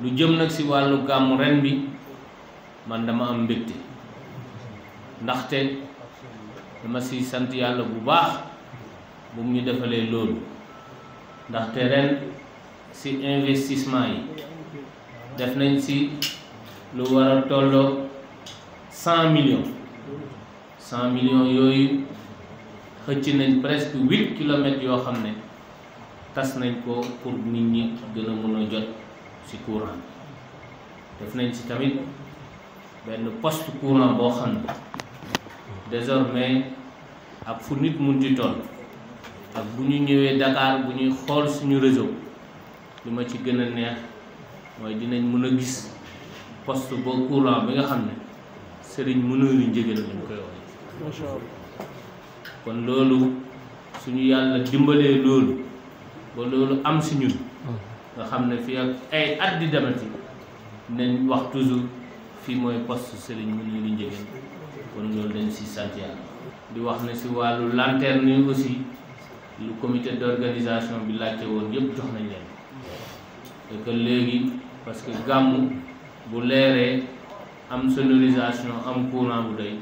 lu jëm nag ci wàllu gàmmu ren bi man dama am mbégte ndaxte dama ci sant yàlla bu baax bu mu defalee loolu ndaxte ren ci investissement yi def nañ ci lu war tolloo cent millions cent millions yooyu xëcc nañ presque huit kilomètres yoo xam ne tas nañ ko pour nit ñi gën a mën jot si courant def nañ ci tamit benn poste courant boo xam ne désormais ak fu nit mun di ak bu ñu ñëwee Dakar bu ñuy xool suñu réseau li ma ci gën a neex mooy dinañ mën a gis poste ba courant bi nga xam ne sëriñ mënulu njëgël lañ koy wax kon loolu suñu yàlla dimbalee loolu ba loolu am si ñun mm-hmm. nga xam ne fi ak ay at di demati nañ wax toujours fii mooy poste Serigne Mounirou Ndiéguène kon loolu dañ si sant yàlla di wax ne si wàllu lanterne yi aussi lu comité d'organisation bi laajte woon yëpp jox nañ leen et que léegi parce que gàmmu bu leeree am sonorisation am courant bu doy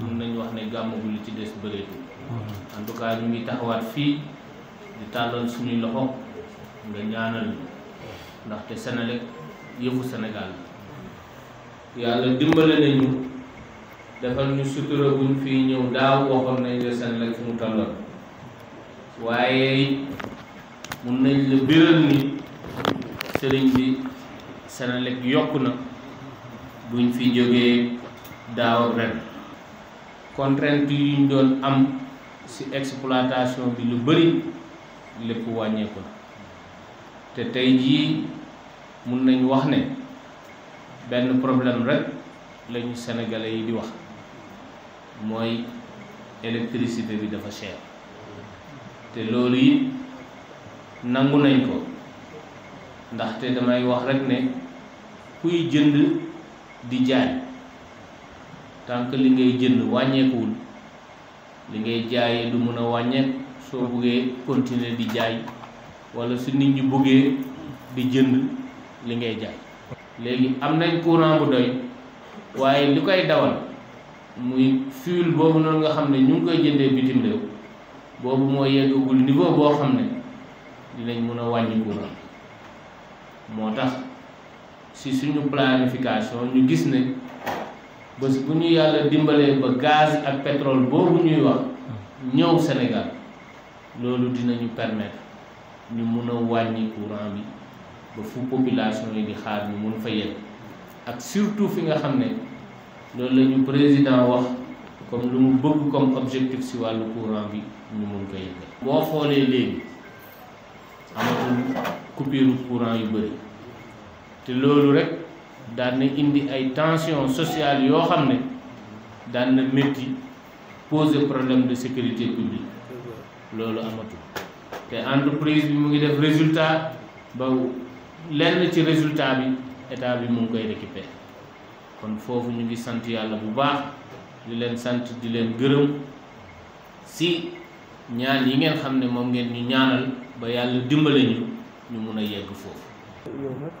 mun nañu wax ne gàmmu bu li ci des bëreetul en tout ngi taxawaat fii di tàllal suñuy loxo nga ñaanal ñu ndaxte Senelec yëfu Sénégal yàlla dimbale nañu defal ñu sutura buñ fi ñëw daaw waxoon nañ la Senelec fu mu tolloon waaye mun nañ la biral ni sëriñ bi Senelec yokk na buñ fi jógee daaw ren contrainte yi ñu doon am ci exploitation bi lu bari lépp wàññeeku na te tey jii mun nañ wax ne benn problème rek lañu sénégalais yi di wax mooy électricité bi dafa cher te loolu yi nangu nañ ko ndaxte damay wax rek ne kuy jënd di jaay tànk li ngay jënd wàññeekuwul li ngay jaayee du mun a wàññeek soo buggee continuer di jaay wala su nit ñi buggee di jënd li ngay jaay léegi am nañ courant bu doy waaye li koy dawal muy fuel boobu noonu nga xam ne ñu ngi koy jëndee bitim réew boobu moo yeggagul niveau boo xam ne dinañ mën a wàññi courant moo tax si suñu planification ñu gis ne bés bu ñu yàlla dimbalee ba gaz ak pétrole boobu ñuy wax ñëw senegal loolu dinañu permettre ñu mun a wàññi courant bi ba fu population yi di xaar ñu mun fa yegg ak surtout fi nga xam ne loolu la ñu président wax comme lu mu bëgg comme objectif si wàllu courant bi ñu mun ko yegg boo xoolee léegi amatul coupure courant yu bëri te loolu rek daan na indi ay tension sociale yoo xam ne daan na métti poser problème de sécurité publique loolu amatul te entreprise bi mu ngi def résultat ba lenn ci résultat bi état bi mu ngi koy récupérer kon foofu ñu ngi sant yàlla bu baax di leen sant di leen gërëm si ñaan yi ngeen xam ne moom ngeen ñu ñaanal ba yàlla dimbale ñu ñu mun a yegg foofu yow nag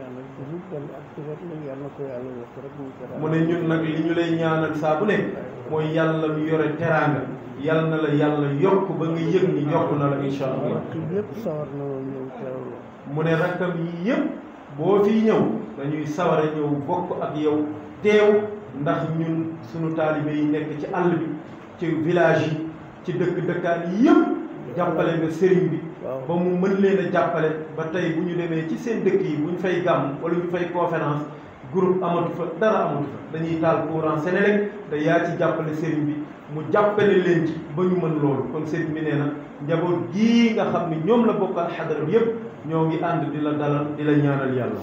la yàlla ko yàlla yokk rek muy mu ne ñun nag li ñu lay ñaanal saa bu ne mooy yàlla mu yore teraanga yàlla na la yàlla yokk ba nga yëg ni yokk na la incha allah yëpp sawar mu ne rakkam yi yëpp boo fiy ñëw dañuy sawar a ñëw bokk ak yow teew ndax ñun suñu taalibe yi nekk ci àll bi ci village yi ci dëkk dëkkaan yi yëpp jàppale nga sëriñ bi ba mu mën leen a jàppale ba tey bu ñu demee ci seen dëkk yi bu ñu fay gàmm wala ñu fay conférence groupe amatu fa dara amatu fa dañuy taal courant Senelec te yaa ci jàppale sëriñ bi mu jàppale leen ci ba ñu mën loolu kon sëriñ bi nee na njaboot gii nga xam ne ñoom la bokkal xadara bi yëpp ñoo ngi ànd di la dalal di la ñaanal yàlla.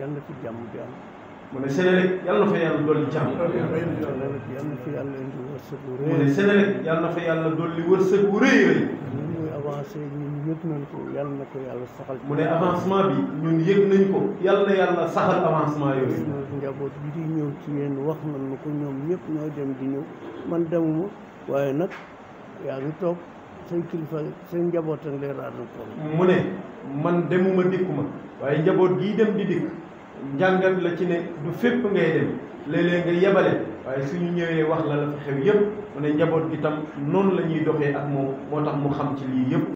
yàlla fi jàmm bi am. mu ne Senelec yàlla na fa yàlla dolli jàmm. mu ne Senelec yàlla na fa yàlla dolli wërsëg wu rëy rëy. avancé ñun na ko yàlla saxal. mu ne avancement bi ñun yëg nañ yàlla na yàlla saxal njaboot bi di ñëw ci yéen wax nañ ma ko ñoom ñëpp ñoo dem di ñëw man demuma waaye nag yaa ngi toog say kilifa say njaboot ak lay raadu man demuma dikkuma waaye njaboot gii dem di dikk. jàngat la ci ne du fépp ngay dem léeg-léeg nga yebale waaye suñu ñëwee wax la la fa xew yépp mu ne njaboot gi tam noonu la ñuy doxee ak moom moo tax mu xam ci lii yépp